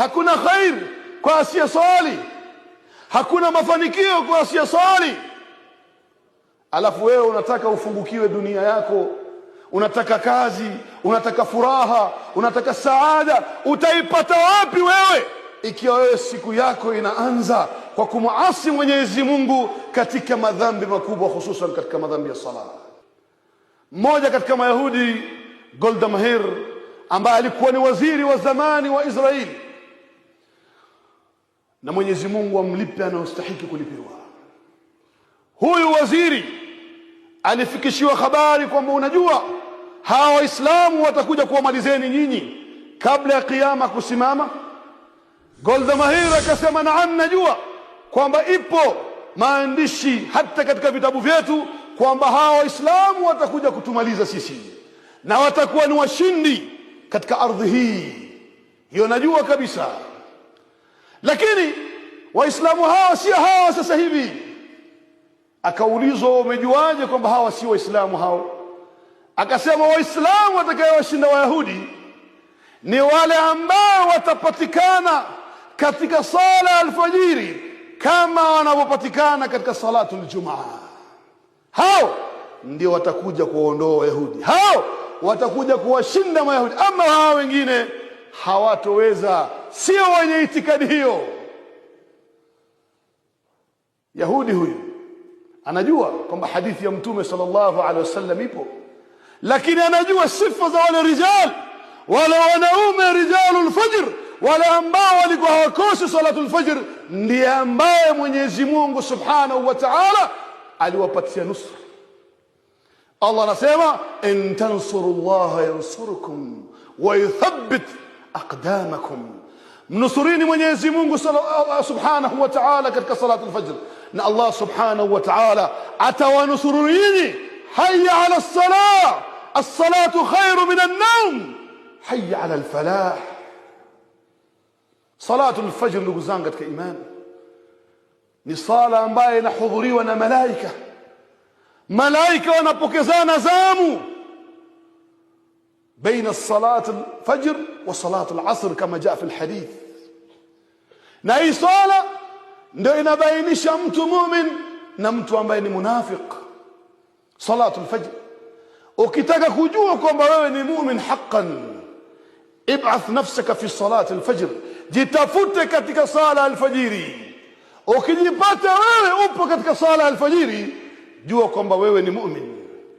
Hakuna khair kwa swali hakuna mafanikio kwa swali Alafu wewe unataka ufungukiwe dunia yako, unataka kazi, unataka furaha, unataka saada. Utaipata wapi wewe ikiwa wewe siku yako inaanza kwa kumuasi Mwenyezi Mungu katika madhambi makubwa, hususan katika madhambi ya sala. Mmoja katika Mayahudi Golda Meir ambaye alikuwa ni waziri wa zamani wa Israeli na Mwenyezi Mungu amlipe anayostahiki kulipiwa. Huyu waziri alifikishiwa habari kwamba unajua, hawa Waislamu watakuja kuwamalizeni nyinyi kabla ya kiyama kusimama. Golda mahir akasema, naam, najua kwamba ipo maandishi hata katika vitabu vyetu kwamba hawa Waislamu watakuja kutumaliza sisi na watakuwa ni washindi katika ardhi hii hiyo, najua kabisa. Lakini waislamu hawa sio hawa sasa hivi. Akaulizwa, umejuaje kwamba hawa sio waislamu hao? Akasema, waislamu watakayowashinda wayahudi ni wale ambao watapatikana katika sala alfajiri kama wanavyopatikana katika salatu aljumaa. Hao ndio watakuja kuwaondoa Wayahudi, hao watakuja kuwashinda Mayahudi. Ama hawa wengine hawatoweza sio wenye itikadi hiyo. Yahudi huyu anajua kwamba hadithi ya Mtume sallallahu alaihi wasallam ipo, lakini anajua sifa za wale rijal wale wanaume rijalul fajr wale ambao walikuwa hawakosi salatul fajr, ndiye ambaye Mwenyezi Mungu subhanahu wa ta'ala aliwapatia nusra. Allah anasema in tansurullaha yansurukum wa yuthabbit aqdamakum mnusurini Mwenyezi Mungu subhanahu wa ta'ala katika salatu al-fajr na Allah subhanahu wa ta'ala atawanusuru nyinyi hayya ala as-salah as-salatu khairu min an-nawm hayya ala al-falah salatu al-fajr ndugu zangu katika imani ni sala ambayo inahudhuriwa na malaika malaika wanapokezana zamu بين الصلاة الفجر وصلاة العصر كما جاء في الحديث ناي صلاة ندوين بين شمت مؤمن نمت بين منافق صلاة الفجر وكتاك كجوك بين مؤمن حقا ابعث نفسك في صلاة الفجر جتفت كتك صلاة الفجر وكذي بات وين أبو كتك صلاة الفجر جوك مؤمن